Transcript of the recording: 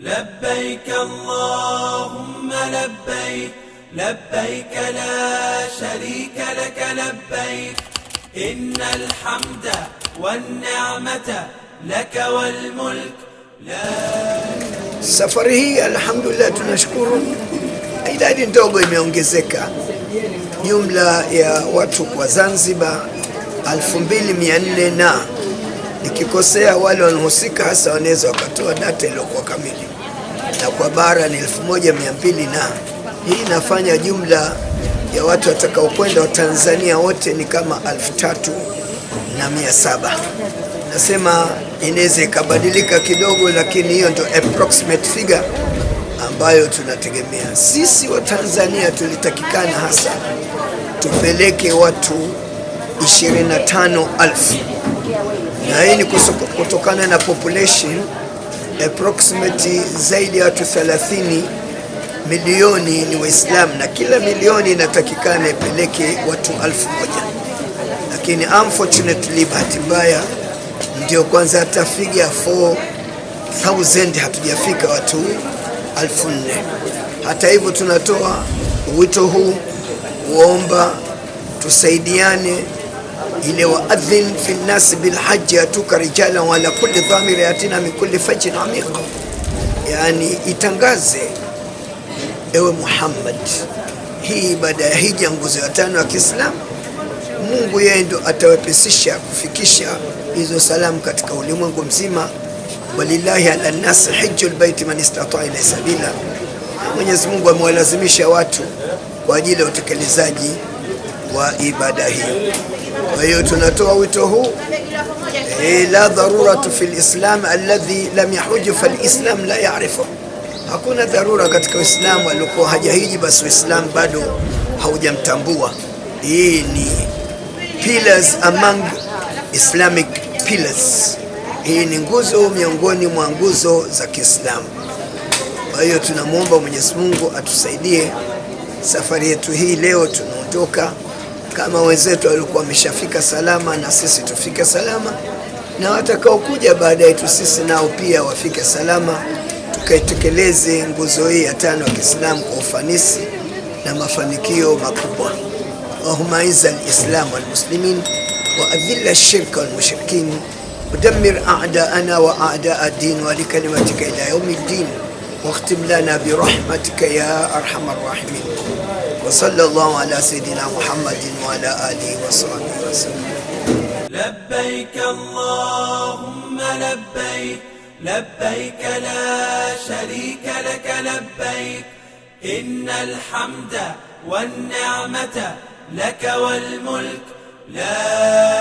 لبيك اللهم لبيك لبيك لا شريك لك لبيك إن الحمد والنعمة لك والملك لا سفره الحمد لله تنشكر idadi ndogo imeongezeka jumla ya watu kwa zanzibar 2400 na Nikikosea wale wanahusika hasa wanaweza wakatoa data iliyokuwa kamili, na kwa bara ni elfu moja mia mbili na hii inafanya jumla ya watu watakaokwenda Watanzania wote ni kama elfu tatu na mia saba. Nasema inaweza ikabadilika kidogo, lakini hiyo ndio approximate figure ambayo tunategemea sisi. Watanzania tulitakikana hasa tupeleke watu 25,000 na hii ni kutokana na population approximately zaidi ya watu 30 milioni ni Waislamu na kila milioni inatakikana ipeleke watu alfu moja, lakini unfortunately, bahati mbaya ndio kwanza hata figure 4000 hatujafika watu alfu nne. Hata hivyo tunatoa wito huu kuomba tusaidiane ile wa adhin fi nnasi bilhaji yatuka rijala wala kulli dhamiri yatina min kulli fajin amiq, yani itangaze ewe Muhammad, hii ibada ya hija nguzo ya tano ya Kiislamu. Mungu yeye ndo atawepesisha kufikisha hizo salamu katika ulimwengu mzima. Walillahi ala nnasi hijjul baiti man istataa ila sabila, Mwenyezi Mungu amewalazimisha watu kwa ajili ya utekelezaji wa ibada hiyo. Kwa hiyo tunatoa wito huu eh, la dharuratu fi lislam alladhi lam yahuju falislam la yarifu, hakuna dharura katika Uislamu. Aliokuwa hajahiji basi Uislamu bado haujamtambua. Hii ni pillars among islamic pillars, hii ni nguzo miongoni mwa nguzo za Kiislamu. Kwa hiyo tunamwomba Mwenyezi Mungu atusaidie safari yetu hii. Leo tunaondoka kama wenzetu walikuwa wameshafika salama, na sisi tufike salama, na watakaokuja baada yetu sisi nao pia wafike salama, tukaitekeleze nguzo hii ya tano ya Kiislamu kwa ufanisi na mafanikio makubwa. Allahumma aizz al-islam wal muslimin wa adhilla ash-shirka wal mushrikin wa أعداءنا وأعداء الدين ولكلمتك ila يوم ddin واختم لنا برحمتك ya arhamar rahimin. وصلى الله على سيدنا محمد وعلى آله وصحبه وسلم لبيك اللهم لبيك لبيك لا شريك لك لبيك إن الحمد والنعمة لك والملك لا